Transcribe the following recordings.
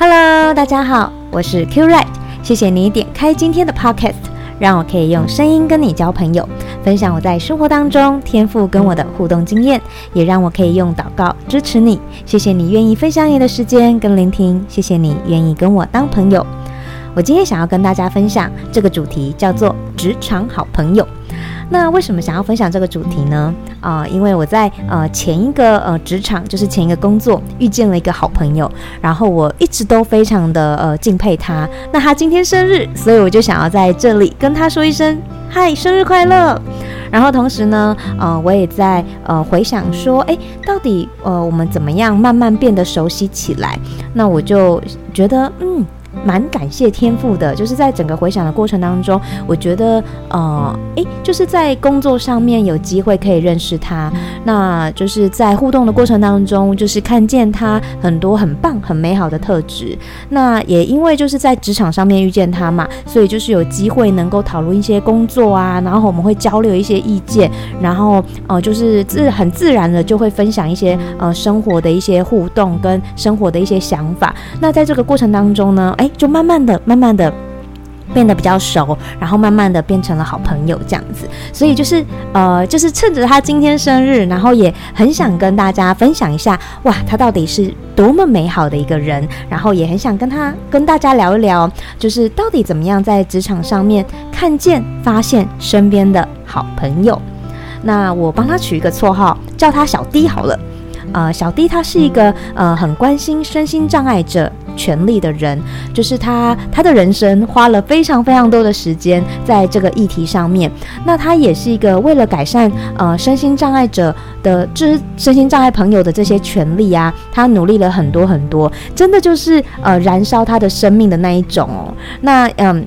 Hello，大家好，我是 Qrite，謝謝你點開今天的 Podcast，讓我可以用聲音跟你交朋友，分享我在生活當中天父跟我的互動經驗，也讓我可以用禱告支持你。謝謝你願意分享你的時間跟聆聽，謝謝你願意跟我當朋友。我今天想要跟大家分享這個主題，叫做職場好朋友。那為什麼想要分享這個主題呢？啊、呃，因為我在呃前一個呃職場，就是前一個工作，遇見了一個好朋友，然後我一直都非常的呃敬佩他。那他今天生日，所以我就想要在這裡跟他說一聲嗨，生日快樂。然後同時呢，呃，我也在呃回想說，哎，到底呃我們怎麼樣慢慢變得熟悉起來？那我就覺得嗯。蠻感謝天父的，就是在整個回想的過程當中，我覺得呃，哎、欸，就是在工作上面有機會可以認識他，那就是在互動的過程當中，就是看見他很多很棒、很美好的特質。那也因為就是在職場上面遇見他嘛，所以就是有機會能夠討論一些工作啊，然後我們會交流一些意見，然後呃，就是自很自然的就會分享一些呃生活的一些互動跟生活的一些想法。那在這個過程當中呢，哎、欸。就慢慢的、慢慢的變得比較熟，然後慢慢的變成了好朋友這樣子。所以就是呃，就是趁着他今天生日，然後也很想跟大家分享一下，哇，他到底是多麼美好的一個人。然後也很想跟他、跟大家聊一聊，就是到底怎麼樣在職場上面看見、發現身邊的好朋友。那我幫他取一個綽號，叫他小弟好了。呃，小弟他是一個呃很關心身心障礙者權利的人，就是他他的人生花了非常非常多的時間在這個議題上面。那他也是一個為了改善呃身心障礙者的這、就是、身心障礙朋友的這些權利啊，他努力了很多很多，真的就是呃燃燒他的生命的那一種哦。那嗯。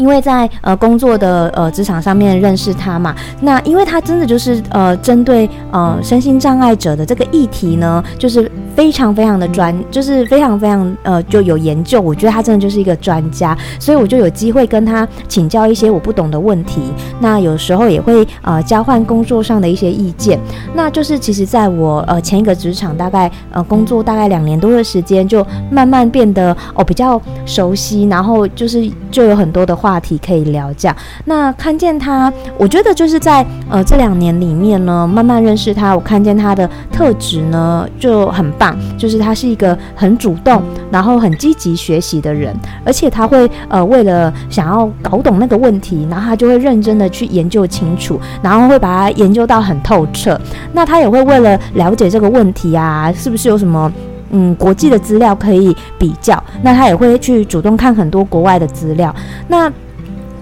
因為在呃工作的呃職場上面認識他嘛，那因為他真的就是呃針對呃身心障礙者的這個議題呢，就是非常非常的專，就是非常非常呃就有研究。我覺得他真的就是一個專家，所以我就有機會跟他請教一些我不懂的問題。那有時候也會呃交換工作上的一些意見。那就是其實在我呃前一個職場大概呃工作大概兩年多的時間，就慢慢變得哦比較熟悉，然後就是就有很多的話話題可以聊這樣，那看見他，我覺得就是在呃這兩年裡面呢，慢慢認識他，我看見他的特質呢就很棒，就是他是一個很主動，然後很積極學習的人，而且他會呃為了想要搞懂那個問題，然後他就會認真的去研究清楚，然後會把它研究到很透徹，那他也會為了了解這個問題啊，是不是有什麼？嗯，國際的資料可以比較，那他也會去主動看很多國外的資料，那。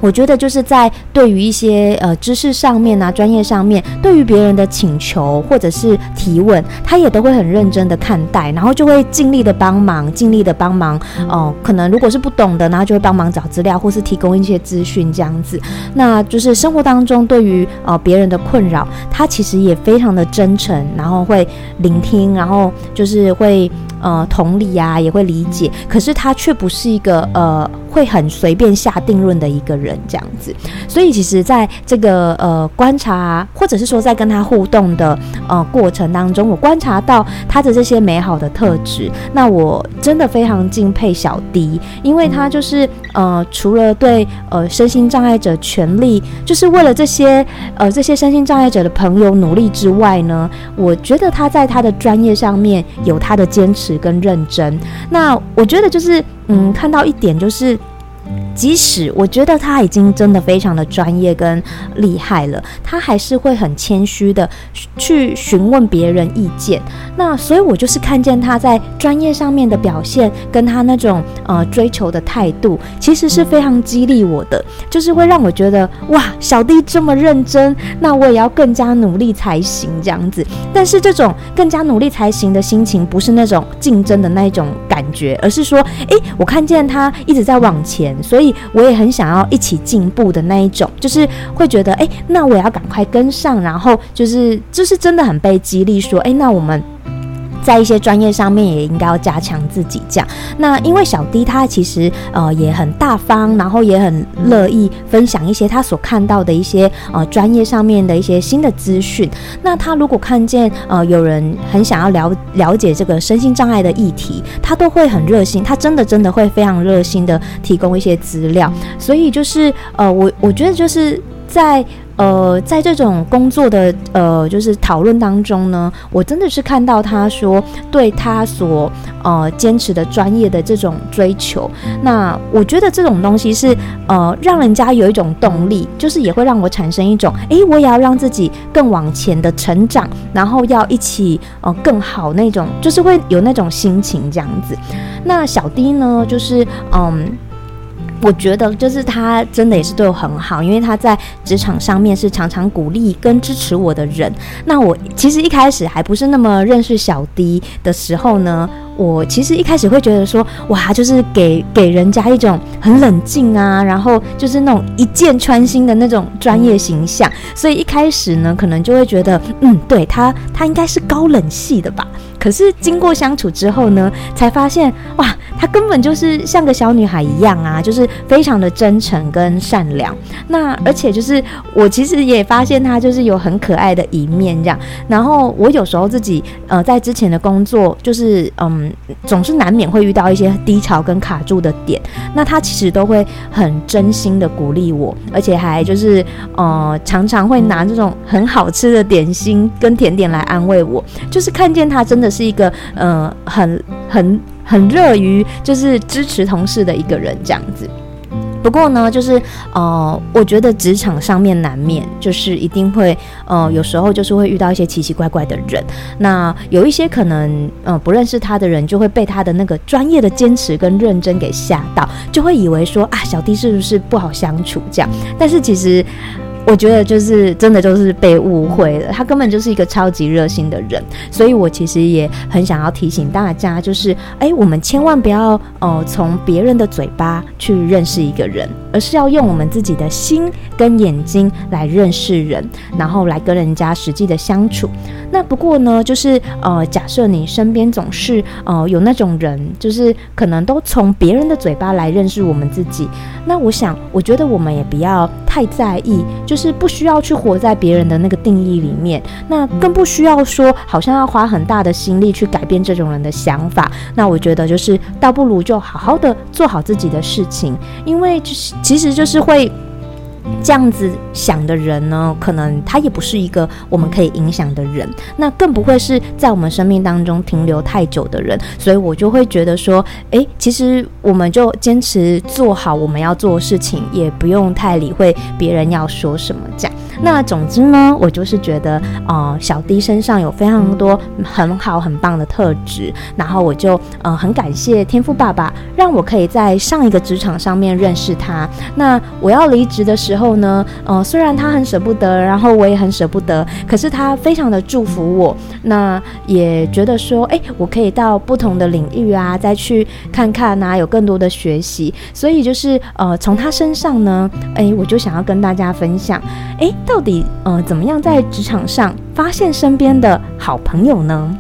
我覺得就是在對於一些呃知識上面啊，專業上面，對於別人的請求或者是提問，他也都會很認真的看待，然後就會盡力的幫忙，盡力的幫忙。哦、呃，可能如果是不懂的，然後就會幫忙找資料，或是提供一些資訊這樣子。那就是生活當中對於呃別人的困擾，他其實也非常的真誠，然後會聆聽，然後就是會。呃，同理啊，也會理解。可是他卻不是一個呃，會很隨便下定論的一個人，這樣子。所以其實，在這個呃觀察啊，或者是說在跟他互動的呃過程當中，我觀察到他的這些美好的特質。那我真的非常敬佩小迪，因為他就是呃，除了對呃身心障礙者權利，就是為了這些呃這些身心障礙者的朋友努力之外呢，我覺得他在他的專業上面有他的堅持，跟認真，那我覺得就是，嗯，看到一點就是。即使我覺得他已經真的非常的專業跟厲害了，他還是會很謙虛的去詢問別人意見。那所以，我就是看見他在專業上面的表現，跟他那種呃追求的態度，其實是非常激勵我的。就是會讓我覺得，哇，小弟這麼認真，那我也要更加努力才行這樣子。但是，這種更加努力才行的心情，不是那種競爭的那種感覺，而是說，誒，我看見他一直在往前。所以我也很想要一起進步的那一種，就是會覺得，哎，那我也要趕快跟上，然後就是就是真的很被激勵，說，哎，那我們。在一些專業上面也應該要加強自己。這樣，那因為小弟他其實呃也很大方，然後也很樂意分享一些他所看到的一些呃專業上面的一些新的資訊。那他如果看見呃有人很想要了了解這個身心障礙的議題，他都會很熱心，他真的真的會非常熱心地提供一些資料。所以就是呃我我覺得就是在。呃，在這種工作的呃，就是討論當中呢，我真的是看到他說對他所呃堅持的專業的這種追求，那我覺得這種東西是呃，讓人家有一種動力，就是也會讓我產生一種，哎，我也要讓自己更往前的成長，然後要一起呃更好那種，就是會有那種心情這樣子。那小弟呢，就是嗯。呃我覺得就是他真的也是對我很好，因為他在職場上面是常常鼓勵跟支持我的人。那我其實一開始還不是那麼認識小迪的時候呢，我其實一開始會覺得說，哇，就是給給人家一種很冷靜啊，然後就是那種一箭穿心的那種專業形象，所以一開始呢，可能就會覺得，嗯，對他，他應該是高冷系的吧？可是經過相處之後呢，才發現，哇。他根本就是像個小女孩一樣啊，就是非常的真誠跟善良。那而且就是我其實也發現他就是有很可愛的一面這樣。然後我有時候自己呃在之前的工作，就是嗯總是難免會遇到一些低潮跟卡住的點，那他其實都會很真心的鼓勵我，而且還就是呃常常會拿這種很好吃的點心跟甜點來安慰我。就是看見他真的是一個嗯很、呃、很。很很樂於就是支持同事的一個人這樣子，不過呢，就是呃，我覺得職場上面難免就是一定會呃，有時候就是會遇到一些奇奇怪怪的人。那有一些可能呃，不認識他的人，就會被他的那個專業的堅持跟認真給嚇到，就會以為說啊，小弟是不是不好相處這樣？但是其實。我覺得就是真的就是被誤會了，他根本就是一個超級熱心的人，所以我其實也很想要提醒大家，就是哎，我們千萬不要哦，呃，從別人的嘴巴去認識一個人。而是要用我們自己的心跟眼睛來認識人，然後來跟人家實際的相處。那不過呢，就是呃，假設你身邊總是呃有那種人，就是可能都從別人的嘴巴來認識我們自己。那我想，我覺得我們也不要太在意，就是不需要去活在別人的那個定義裡面。那更不需要說，好像要花很大的心力去改變這種人的想法。那我覺得就是，倒不如就好好的做好自己的事情，因為就是。其實就是會這樣子想的人呢，可能他也不是一個我們可以影響的人，那更不會是在我們生命當中停留太久的人，所以我就會覺得說，哎，其實我們就堅持做好我們要做的事情，也不用太理會別人要說什麼這樣。那總之呢，我就是覺得，呃，小 D 身上有非常多很好很棒的特質，然後我就，呃，很感謝天父爸爸，讓我可以在上一個職場上面認識他。那我要離職的時候呢，呃，雖然他很捨不得，然後我也很捨不得，可是他非常的祝福我，那也覺得說，哎、欸，我可以到不同的領域啊，再去看看啊，有更多的學習。所以就是，呃，從他身上呢，哎、欸，我就想要跟大家分享，哎、欸。到底嗯、呃，怎麼樣在職場上發現身邊的好朋友呢？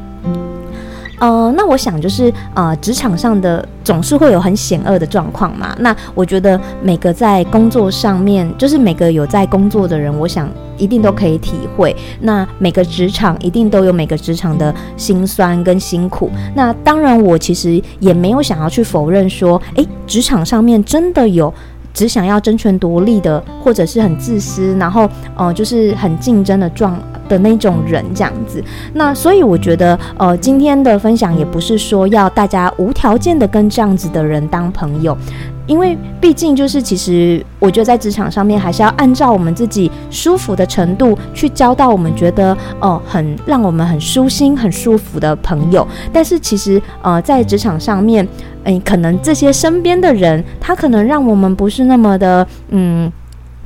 呃，那我想就是呃，職場上的總是會有很險惡的狀況嘛。那我覺得每個在工作上面，就是每個有在工作的人，我想一定都可以體會。那每個職場一定都有每個職場的辛酸跟辛苦。那當然，我其實也沒有想要去否認說，哎，職場上面真的有。只想要爭權奪利的，或者是很自私，然後呃，就是很競爭的狀的那種人，這樣子。那所以我覺得，呃，今天的分享也不是說要大家無條件的跟這樣子的人當朋友。因為畢竟就是，其實我覺得在職場上面還是要按照我們自己舒服的程度去交到我們覺得哦、呃、很讓我們很舒心、很舒服的朋友。但是其實呃在職場上面，誒、呃，可能這些身邊的人他可能讓我們不是那麼的嗯。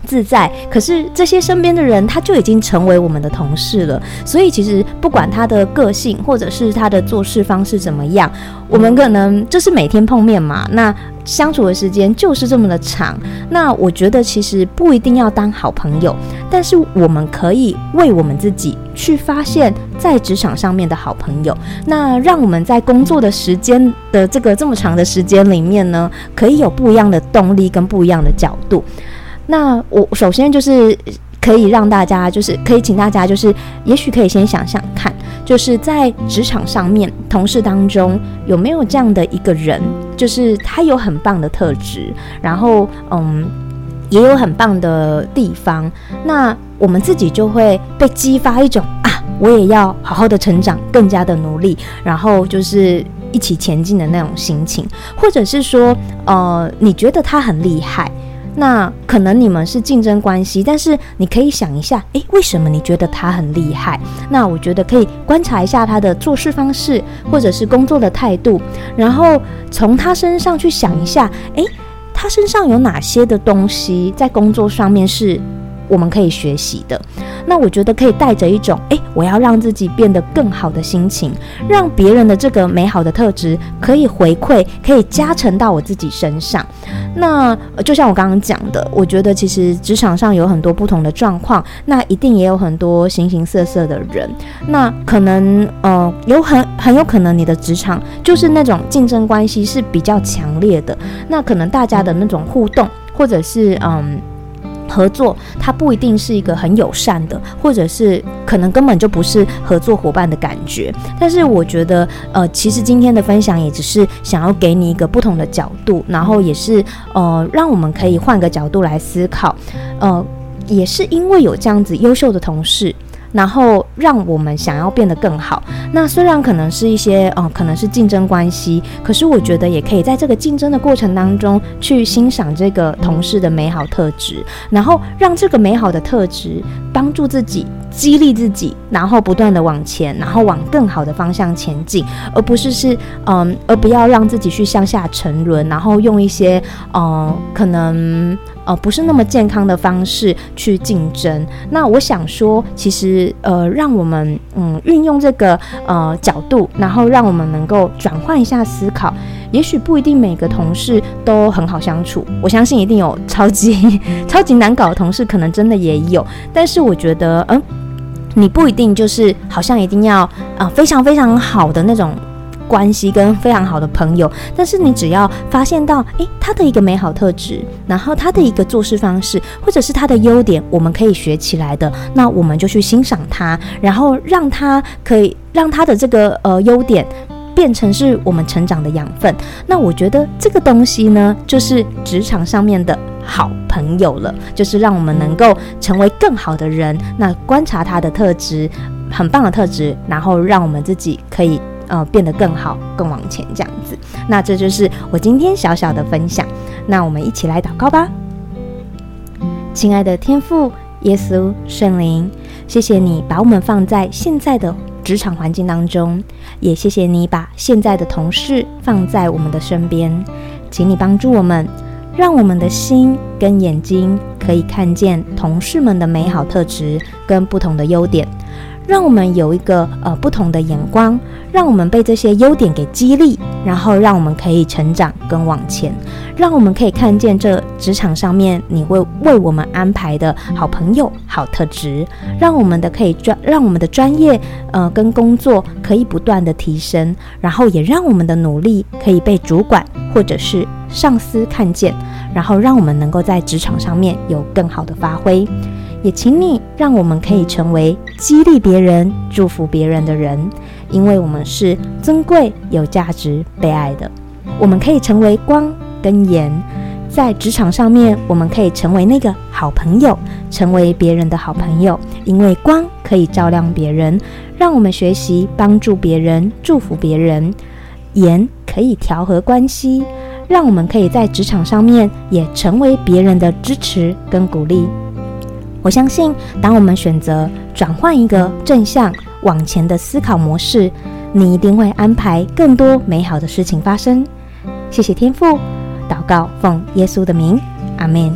自在，可是這些身邊的人，他就已經成為我們的同事了。所以，其實不管他的個性或者是他的做事方式怎麼樣，我們可能就是每天碰面嘛。那相處的時間就是這麼的長。那我覺得，其實不一定要當好朋友，但是我們可以為我們自己去發現，在職場上面的好朋友。那讓我們在工作的時間的這個這麼長的時間裡面呢，可以有不一樣的動力跟不一樣的角度。那我首先就是可以讓大家，就是可以請大家，就是也許可以先想想看，就是在職場上面同事當中有沒有這樣的一個人，就是他有很棒的特質，然後嗯也有很棒的地方，那我們自己就會被激發一種啊，我也要好好的成長，更加的努力，然後就是一起前進的那種心情，或者是說呃，你覺得他很厲害。那可能你們是競爭關係，但是你可以想一下，欸，為什麼你覺得他很厲害？那我覺得可以觀察一下他的做事方式，或者是工作的態度，然後從他身上去想一下，欸，他身上有哪些的東西在工作上面是，我們可以學習的，那我覺得可以帶着一種哎，我要讓自己變得更好的心情，讓別人的這個美好的特質可以回饋，可以加成到我自己身上。那就像我剛剛講的，我覺得其實職場上有很多不同的狀況，那一定也有很多形形色色的人。那可能呃，有很很有可能你的職場就是那種競爭關係是比較強烈的，那可能大家的那種互動或者是嗯。合作，它不一定是一個很友善的，或者是可能根本就不是合作夥伴的感覺。但是我覺得，呃，其實今天的分享也只是想要給你一個不同的角度，然後也是呃，讓我們可以換個角度來思考。呃，也是因為有這樣子優秀的同事。然後讓我們想要變得更好。那雖然可能是一些，哦、呃，可能是競爭關係，可是我覺得也可以在這個競爭的過程當中，去欣賞這個同事的美好特質，然後讓這個美好的特質幫助自己、激勵自己，然後不斷地往前，然後往更好的方向前進，而不是是，嗯，而不要讓自己去向下沉淪，然後用一些，嗯，可能。呃，不是那麼健康的方式去競爭。那我想說，其實呃，讓我們嗯運用這個呃角度，然後讓我們能夠轉換一下思考。也許不一定每個同事都很好相處，我相信一定有超級超級難搞的同事，可能真的也有。但是我覺得，嗯，你不一定就是好像一定要啊、呃、非常非常好的那種。關係跟非常好的朋友，但是你只要發現到，誒，他的一個美好特質，然後他的一個做事方式，或者是他的優點，我們可以學起來的，那我們就去欣賞他，然後讓他可以讓他的這個呃優點變成是我們成長的養分。那我覺得這個東西呢，就是職場上面的好朋友了，就是讓我們能夠成為更好的人。那觀察他的特質，很棒的特質，然後讓我們自己可以。呃，變得更好，更往前這樣子。那這就是我今天小小的分享。那我們一起來禱告吧。親愛的天父耶穌聖靈，謝謝你把我們放在現在的職場環境當中，也謝謝你把現在的同事放在我們的身邊，請你幫助我們，讓我們的心跟眼睛可以看見同事們的美好特質跟不同的優點。讓我們有一個呃不同的眼光，讓我們被這些優點給激勵，然後讓我們可以成長跟往前，讓我們可以看見這職場上面你會為，為我們安排的好朋友、好特質，讓我們的可以專，讓我們的專業呃跟工作可以不斷的提升，然後也讓我們的努力可以被主管或者是上司看見，然後讓我們能夠在職場上面有更好的發揮。也請你讓我們可以成為激勵別人、祝福別人的人，因為我們是尊貴、有價值、被愛的。我們可以成為光跟鹽，在職場上面，我們可以成為那個好朋友，成為別人的好朋友。因為光可以照亮別人，讓我們學習幫助別人、祝福別人；鹽可以調和關係，讓我們可以在職場上面也成為別人的支持跟鼓勵。我相信，當我們選擇轉換一個正向往前的思考模式，你一定會安排更多美好的事情發生。謝謝天父，禱告奉耶穌的名，阿門。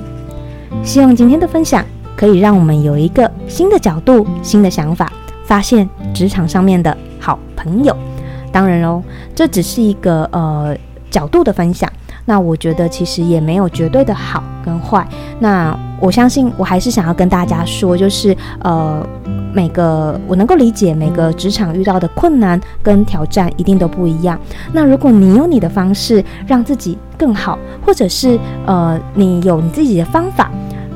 希望今天的分享可以讓我們有一個新的角度、新的想法，發現職場上面的好朋友。當然囉，這只是一個呃角度的分享，那我覺得其實也沒有絕對的好跟壞。那。我相信，我還是想要跟大家說，就是呃，每個我能夠理解，每個職場遇到的困難跟挑戰一定都不一樣。那如果你有你的方式讓自己更好，或者是呃，你有你自己的方法，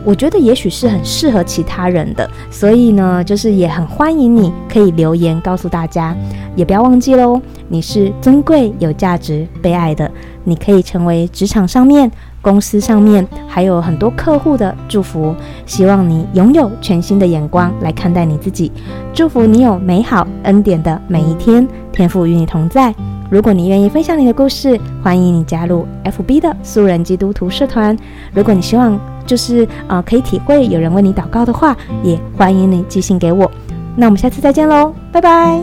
我覺得也許是很適合其他人的。所以呢，就是也很歡迎你可以留言告訴大家，也不要忘記嘍，你是尊貴、有價值、被愛的，你可以成為職場上面。公司上面還有很多客戶的祝福，希望你擁有全新的眼光來看待你自己，祝福你有美好恩典的每一天，天父與你同在。如果你願意分享你的故事，歡迎你加入 FB 的素人基督徒社團。如果你希望就是呃可以體會有人為你禱告的話，也歡迎你寄信給我。那我們下次再見嘍，拜拜。